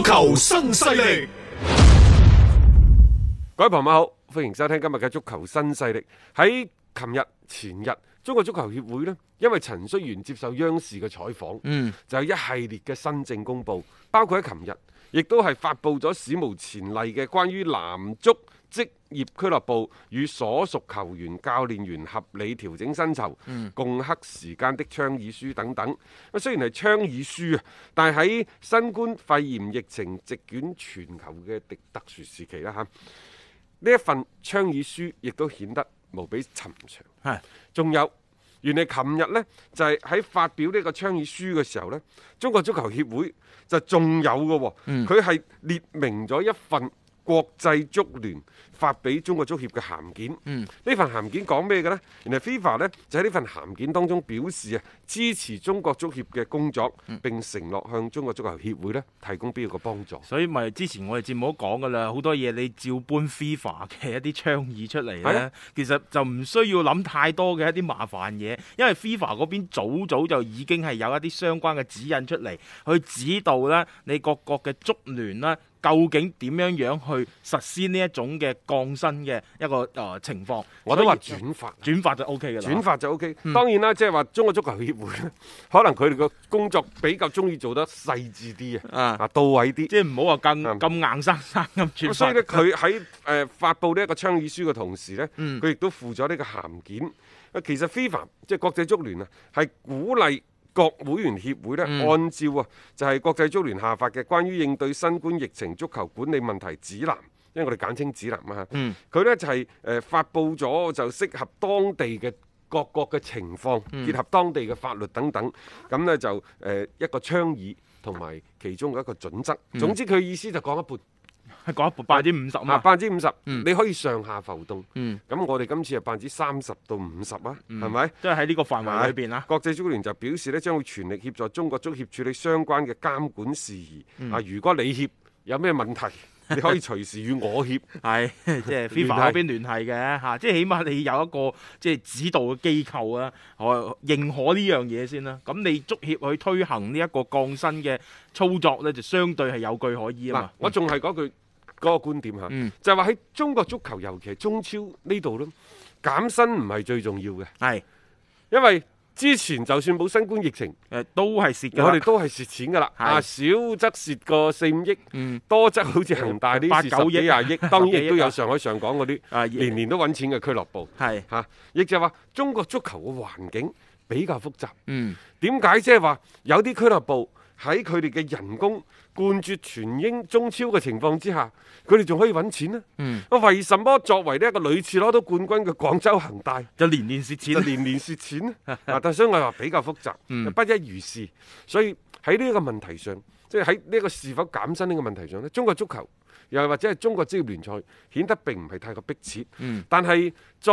足球新勢力，各位朋友好，歡迎收聽今日嘅足球新勢力。喺琴日、前日，中國足球協會咧，因為陳戌源接受央視嘅採訪，嗯，就有一系列嘅新政公布，包括喺琴日，亦都係發布咗史無前例嘅關於男足。業俱樂部與所屬球員、教練員合理調整薪酬、嗯、共克時間的倡議書等等。咁雖然係倡議書啊，但係喺新冠肺炎疫情席捲全球嘅特特殊時期啦，吓呢一份倡議書亦都顯得無比尋常。係是，仲有，原來琴日呢就係、是、喺發表呢個倡議書嘅時候呢，中國足球協會就仲有嘅，嗯，佢係列明咗一份。國際足聯發俾中國足協嘅函件，呢、嗯、份函件講咩嘅呢？原來 FIFA 咧就喺呢份函件當中表示啊，支持中國足協嘅工作，嗯、並承諾向中國足球協、協會咧提供必要嘅幫助。所以咪之前我哋節目都講噶啦，好多嘢你照搬 FIFA 嘅一啲倡議出嚟咧，的其實就唔需要諗太多嘅一啲麻煩嘢，因為 FIFA 嗰邊早早就已經係有一啲相關嘅指引出嚟，去指導啦你各國嘅足聯啦。究竟點樣樣去實施呢一種嘅降薪嘅一個誒情況？我都話轉發，轉發就 O K 嘅啦。轉發就 O K。當然啦，即係話中國足球協會咧，可能佢哋個工作比較中意做得細緻啲啊，啊到位啲。即係唔好話咁咁硬生生咁轉。所以咧，佢喺誒發布呢一個倡議書嘅同時咧，佢亦都附咗呢個函件。其實 FIFA 即係國際足聯啊，係鼓勵。各會員協會咧，按照啊，就係國際足聯下發嘅關於應對新冠疫情足球管理問題指南，因為我哋簡稱指南啊嚇，佢咧就係誒發布咗就適合當地嘅各國嘅情況，結合當地嘅法律等等，咁呢就誒一個倡議同埋其中嘅一個準則。總之佢意思就講一半。係講百分之五十啊，百分之五十，你可以上下浮動。嗯，咁我哋今次啊，百分之三十到五十啊，係咪？即係喺呢個範圍裏邊啊。國際足聯就表示咧，將會全力協助中國足協處理相關嘅監管事宜。啊，如果你協有咩問題，你可以隨時與我協，係即係 FIFA 嗰邊聯繫嘅嚇。即係起碼你有一個即係指導嘅機構啊，我認可呢樣嘢先啦。咁你足協去推行呢一個降薪嘅操作咧，就相對係有據可依啦。我仲係嗰句。嗰個觀點嚇，嗯、就話喺中國足球，尤其係中超呢度咯，減薪唔係最重要嘅。係是，因為之前就算冇新冠疫情，誒、呃、都係蝕，我哋都係蝕錢噶啦。是啊，少則蝕個四五億，嗯、多則好似恒大啲八九億、廿億，當然亦都有上海、上港嗰啲，年年都揾錢嘅俱樂部。係嚇是，亦、啊、就話中國足球嘅環境比較複雜。嗯，點解即係話有啲俱樂部，喺佢哋嘅人工冠絕全英中超嘅情況之下，佢哋仲可以揾錢呢？嗯，咁為什麼作為呢一個屢次攞到冠軍嘅廣州恒大就年年蝕錢？就年年蝕錢但嗱、 啊，所以我話比較複雜，嗯、不一如是。所以喺呢一個問題上，即係喺呢一個是否減薪呢個問題上咧，中國足球又或者係中國職業聯賽顯得並唔係太過迫切。嗯、但係再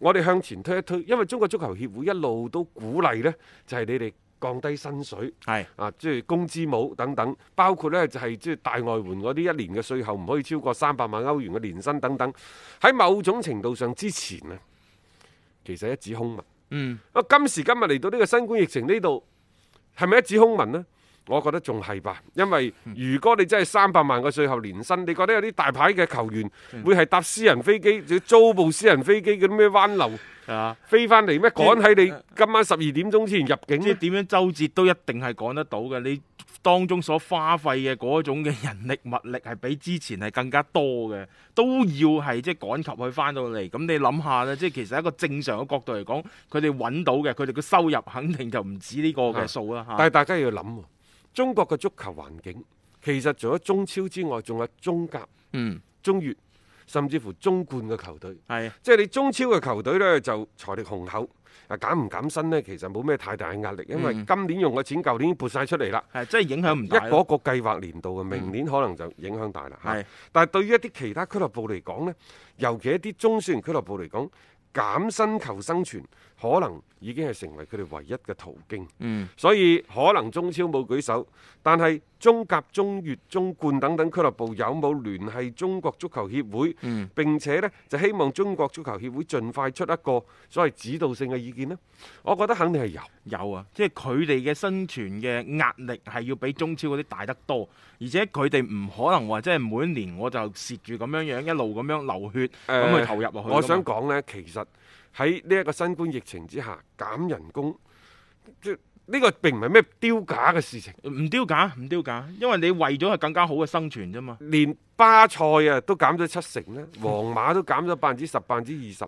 我哋向前推一推，因為中國足球協會一路都鼓勵呢，就係、是、你哋。降低薪水，係啊，即係工資帽等等，包括呢，就係即係大外援嗰啲一年嘅稅後唔可以超過三百萬歐元嘅年薪等等，喺某種程度上之前咧，其實一紙空文。嗯，啊，今時今日嚟到呢個新冠疫情呢度，係咪一紙空文呢？我覺得仲係吧，因為如果你真係三百萬嘅稅後年薪，你覺得有啲大牌嘅球員會係搭私人飛機，要租部私人飛機叫咩灣流，係嘛？飛翻嚟咩趕喺你今晚十二點鐘之前入境？即係點樣周折都一定係趕得到嘅。你當中所花費嘅嗰種嘅人力物力係比之前係更加多嘅，都要係即係趕及佢翻到嚟。咁你諗下啦，即係其實一個正常嘅角度嚟講，佢哋揾到嘅，佢哋嘅收入肯定就唔止呢個嘅數啦。嚇！但係大家要諗。中國嘅足球環境其實除咗中超之外，仲有中甲、嗯、中乙，甚至乎中冠嘅球隊，係是的 即係你中超嘅球隊呢，就財力雄厚，啊減唔減薪呢，其實冇咩太大嘅壓力，因為今年用嘅錢，舊年已經撥晒出嚟啦，即係影響唔到。一個一個計劃年度嘅，明年可能就影響大啦，係。是的 但係對於一啲其他俱樂部嚟講呢，尤其一啲中小型俱樂部嚟講，減薪求生存。可能已經係成為佢哋唯一嘅途徑，嗯，所以可能中超冇舉手，但係中甲、中乙、中冠等等俱樂部有冇聯繫中國足球協會？嗯，並且呢，就希望中國足球協會盡快出一個所謂指導性嘅意見呢，我覺得肯定係有有啊，即係佢哋嘅生存嘅壓力係要比中超嗰啲大得多，而且佢哋唔可能話即係每年我就蝕住咁樣樣一路咁樣流血咁、呃、去投入落去。我想講呢，麼其實。喺呢一個新冠疫情之下減人工，即、這、呢個並唔係咩丟架嘅事情。唔丟架，唔丟架，因為你為咗係更加好嘅生存啫嘛。連巴塞啊都減咗七成啦，皇馬都減咗百分之十、百分之二十，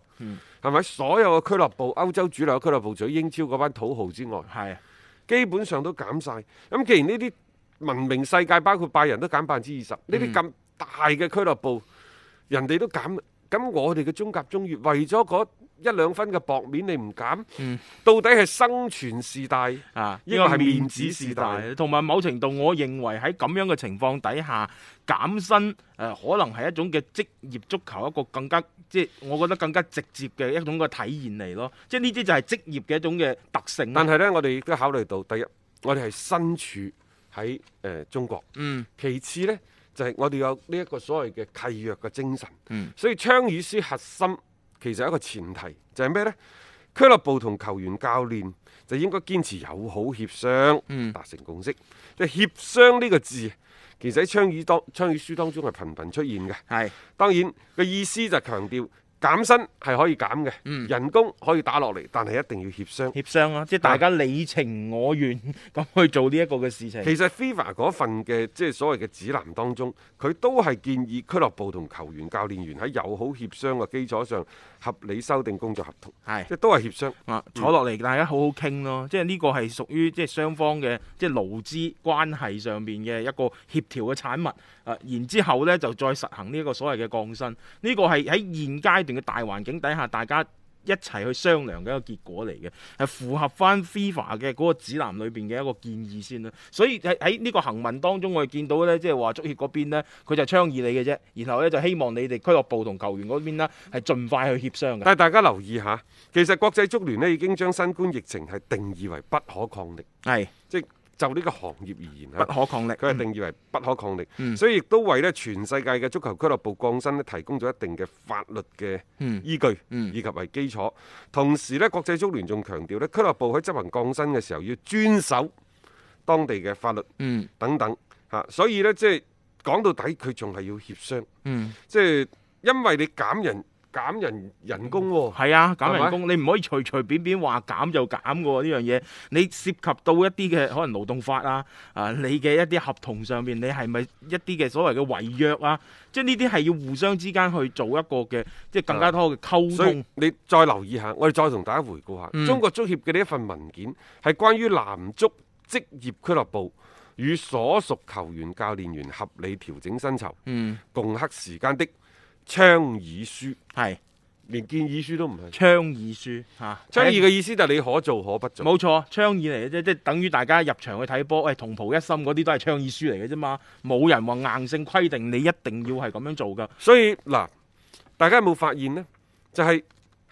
係咪、嗯？所有嘅俱樂部、歐洲主流嘅俱樂部除咗英超嗰班土豪之外，係、啊、基本上都減晒。咁既然呢啲文明世界包括拜仁都減百分之二十，呢啲咁大嘅俱樂部，嗯、人哋都減，咁我哋嘅中甲中、中乙為咗嗰一兩分嘅薄面你唔減，嗯、到底係生存時代，啊？呢個係面子時代。同埋某程度我認為喺咁樣嘅情況底下減薪誒，可能係一種嘅職業足球一個更加即係我覺得更加直接嘅一種嘅體驗嚟咯。即係呢啲就係職業嘅一種嘅特性。但係呢，我哋都考慮到第一，我哋係身處喺誒、呃、中國，嗯、其次呢，就係、是、我哋有呢一個所謂嘅契約嘅精神，嗯、所以倡議核心。其實一個前提就係咩呢？俱樂部同球員、教練就應該堅持友好協商，達成共識。即係協商呢個字，其實喺倡議當倡議書當中係頻頻出現嘅。係是當然個意思就係強調。減薪係可以減嘅，嗯、人工可以打落嚟，但係一定要協商。協商啊，即係大家你情我願咁但去做呢一個嘅事情。其實 FIFA 嗰份嘅即係所謂嘅指南當中，佢都係建議俱樂部同球員、教練員喺友好協商嘅基礎上合理修訂工作合同，係是即係都係協商。坐落嚟、嗯、大家好好傾咯，即係呢個係屬於即係雙方嘅即係勞資關係上面嘅一個協調嘅產物。啊、呃，然之後呢，就再實行呢一個所謂嘅降薪。呢、這個係喺現階定嘅大環境底下，大家一齊去商量嘅一個結果嚟嘅，係符合翻 FIFA 嘅嗰個指南裏邊嘅一個建議先啦。所以喺喺呢個行文當中，我哋見到呢，即係話足協嗰邊呢，佢就倡議你嘅啫，然後呢，就希望你哋俱樂部同球員嗰邊呢，係盡快去協商。但係大家留意下，其實國際足聯呢，已經將新冠疫情係定義為不可抗力，係是即就呢個行業而言，不可抗力，佢係定義為不可抗力，嗯、所以亦都為咧全世界嘅足球俱樂部降薪咧提供咗一定嘅法律嘅依據，以及為基礎。嗯嗯、同時咧，國際足聯仲強調咧，俱樂部喺執行降薪嘅時候要遵守當地嘅法律等等嚇。嗯、所以咧，即係講到底，佢仲係要協商，即係、嗯、因為你減人。減人人工喎、哦，係啊，減人工，吧你唔可以隨隨便便話減就減嘅喎呢樣嘢。你涉及到一啲嘅可能勞動法啊，啊，你嘅一啲合同上面，你係咪一啲嘅所謂嘅違約啊？即係呢啲係要互相之間去做一個嘅，即、就、係、是、更加多嘅溝通。啊、你再留意一下，我哋再同大家回顧下、嗯、中國足協嘅呢一份文件，係關於男足職業俱樂部與所屬球員、教練員合理調整薪酬、嗯、共克時艱的。倡議書係，連建議書都唔係倡議書吓。啊、倡議嘅意思就係你可做可不做，冇錯，倡議嚟嘅啫，即係等於大家入場去睇波，喂，同袍一心嗰啲都係倡議書嚟嘅啫嘛。冇人話硬性規定你一定要係咁樣做噶。所以嗱，大家有冇發現呢？就係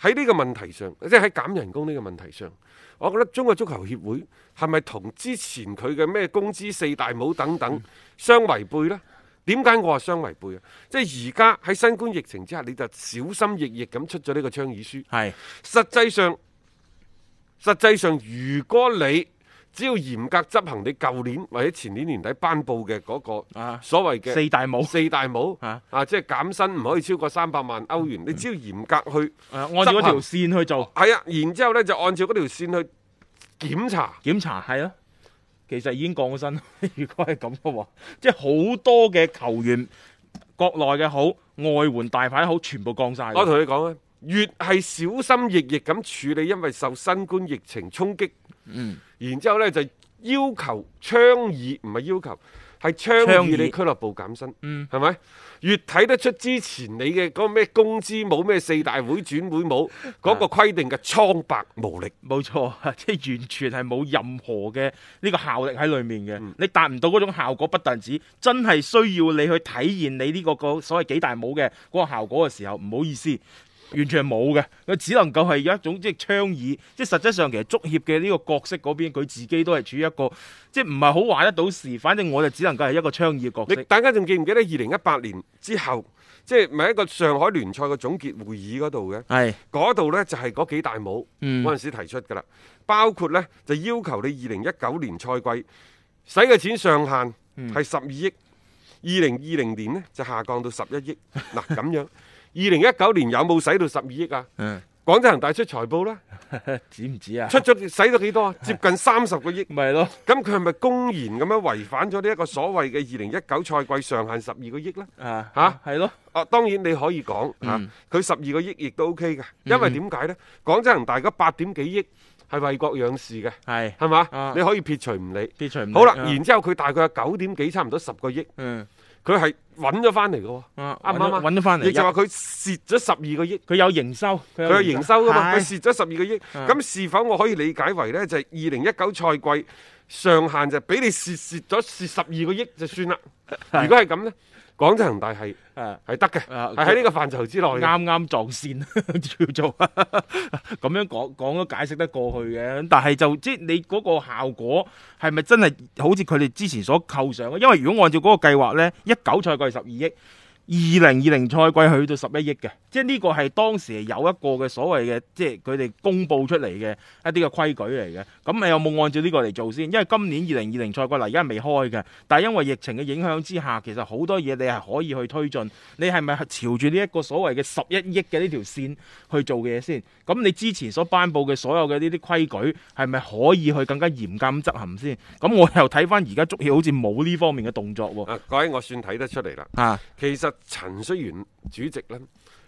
喺呢個問題上，即係喺減人工呢個問題上，我覺得中國足球協會係咪同之前佢嘅咩工資四大帽等等相違背呢？嗯點解我話相違背啊？即係而家喺新冠疫情之下，你就小心翼翼咁出咗呢個倡議書。係是，實際上實際上，如果你只要嚴格執行你舊年或者前年年底頒布嘅嗰個啊所謂嘅四大帽，啊、四大帽啊，即係減薪唔可以超過三百萬歐元。嗯、你只要嚴格去、啊、按照條綫去做，係啊，然之後呢就按照嗰條綫去檢查，檢查係啊。其實已經降咗薪。如果係咁嘅話，即係好多嘅球員，國內嘅好，外援大牌好，全部降晒。我同你講咧，越係小心翼翼咁處理，因為受新冠疫情衝擊。嗯。然之後呢，就要求倡議，唔係要求。係倡議你俱樂部減薪，係咪、嗯？越睇得出之前你嘅嗰個咩工資冇咩四大會轉會冇嗰個規定嘅蒼白無力、嗯。冇、嗯、錯，即、就、係、是、完全係冇任何嘅呢個效力喺裏面嘅。你達唔到嗰種效果，不但止真係需要你去體現你呢個個所謂幾大帽嘅嗰個效果嘅時候，唔好意思。完全係冇嘅，佢只能夠係有一種即係倡議，即係實質上其實足協嘅呢個角色嗰邊，佢自己都係處於一個即係唔係好話得到事。反正我就只能夠係一個倡議嘅角色。大家仲記唔記得二零一八年之後，即係咪一個上海聯賽嘅總結會議嗰度嘅？係嗰度呢就係、是、嗰幾大帽，嗰陣時提出噶啦，嗯、包括呢就要求你二零一九年賽季使嘅錢上限係十二億，二零二零年呢就下降到十一億。嗱咁樣。 二零一九年有冇使到十二億啊？嗯，廣州恒大出財報啦，止唔止啊？出咗使咗幾多？接近三十個億。咪係咯，咁佢係咪公然咁樣違反咗呢一個所謂嘅二零一九賽季上限十二個億咧？啊，嚇係咯。哦，當然你可以講嚇，佢十二個億亦都 OK 嘅，因為點解咧？廣州恒大嗰八點幾億係為國養士嘅，係係嘛？你可以撇除唔理，撇除唔理。好啦。然之後佢大概係九點幾，差唔多十個億。嗯。佢係揾咗翻嚟嘅，啱唔啱？揾咗翻嚟，亦吧就話佢蝕咗十二個億，佢有營收，佢有營收噶嘛？佢蝕咗十二個億，咁是，的是否我可以理解為咧，就係二零一九賽季上限就俾你蝕蝕咗蝕十二個億就算啦？的如果係咁咧？廣州恒大係誒係得嘅，喺呢個範疇之內，啱啱撞線叫做咁樣講講都解釋得過去嘅。但係就即你嗰個效果係咪真係好似佢哋之前所構想？因為如果按照嗰個計劃咧，一九賽季十二億。二零二零賽季去到十一億嘅，即係呢個係當時有一個嘅所謂嘅，即係佢哋公布出嚟嘅一啲嘅規矩嚟嘅。咁你有冇按照呢個嚟做先？因為今年二零二零賽季嗱，而家未開嘅，但係因為疫情嘅影響之下，其實好多嘢你係可以去推進。你係咪係朝住呢一個所謂嘅十一億嘅呢條線去做嘅嘢先？咁你之前所頒布嘅所有嘅呢啲規矩，係咪可以去更加嚴格咁執行先？咁我又睇翻而家足協好似冇呢方面嘅動作喎。誒、啊，各位，我算睇得出嚟啦。啊，其實。陳戌元主席咧，誒、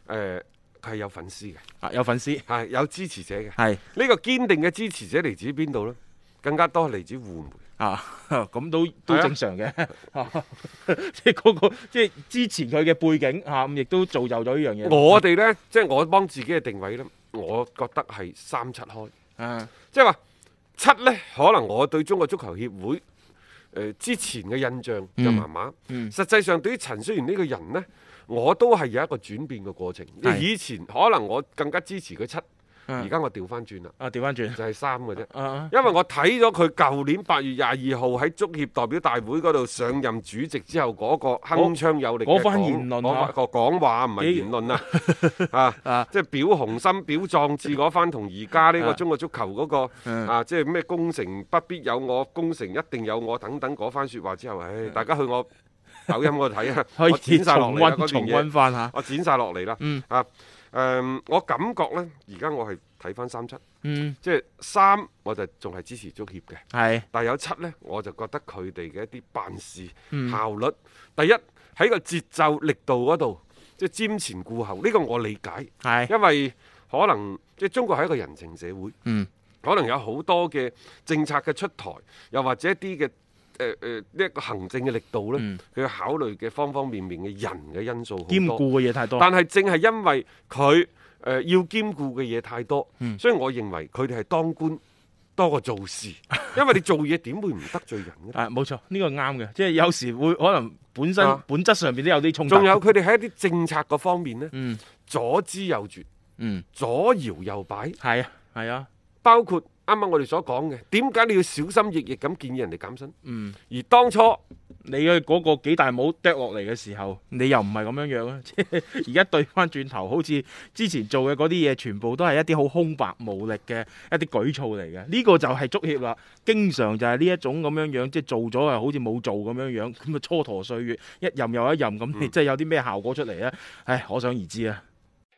呃，佢係有粉絲嘅，啊，有粉絲，係有支持者嘅，係呢是個堅定嘅支持者嚟自邊度咧？更加多嚟自滬媒啊，咁都、啊、都正常嘅，即係嗰個即係支持佢嘅背景啊，咁亦都造就咗呢樣嘢。我哋咧，即係我幫自己嘅定位咧，我覺得係三七開啊，即係話七咧，可能我對中國足球協會。呃、之前嘅印象就麻麻，嗯、實際上對於陳戌源呢個人呢，我都係有一個轉變嘅過程。是的 以前可能我更加支持佢出。現在啊、而家我調翻轉啦，啊調翻轉就係三嘅啫，因為我睇咗佢舊年八月廿二號喺足協代表大會嗰度上任主席之後嗰、那個鏗鏘有力嗰番言論啊，那個講話唔係言論啦，啊啊，即係表雄心表壯志嗰番，同而家呢個中國足球嗰、那個啊，即係咩功成不必有我，功成一定有我等等嗰番說話之後，唉、哎，大家去我抖音度睇啊，我剪晒落嚟啊，嗰段嘢，我剪晒落嚟啦，啊。誒、嗯，我感覺呢，而家我係睇翻三七，嗯，即係三我就仲係支持足協嘅，係，但係有七呢，我就覺得佢哋嘅一啲辦事、嗯、效率，第一喺個節奏力度嗰度，即係瞻前顧後，呢個我理解，係，因為可能即係中國係一個人情社會，嗯，可能有好多嘅政策嘅出台，又或者一啲嘅。誒誒，呢一、呃呃這個行政嘅力度咧，佢要、嗯、考慮嘅方方面面嘅人嘅因素，兼顧嘅嘢太多。但係正係因為佢誒、呃、要兼顧嘅嘢太多，嗯、所以我認為佢哋係當官多過做事。嗯、因為你做嘢點會唔得罪人咧？啊，冇錯，呢、這個啱嘅。即係有時會可能本身、啊、本質上面都有啲衝突。仲有佢哋喺一啲政策個方面咧，左支右絀，嗯，左搖右,、嗯、右擺，係啊，係啊，包括。啱啱我哋所講嘅，點解你要小心翼翼咁建議人哋減薪？嗯，而當初你嘅嗰個幾大帽掟落嚟嘅時候，你又唔係咁樣樣啦。即係而家對翻轉頭，好似之前做嘅嗰啲嘢，全部都係一啲好空白無力嘅一啲舉措嚟嘅。呢個就係足協啦，經常就係呢一種咁樣樣，即係做咗又好似冇做咁樣樣，咁啊蹉跎歲月，一任又一任咁，即係、嗯、真係有啲咩效果出嚟咧？唉，可想而知啊！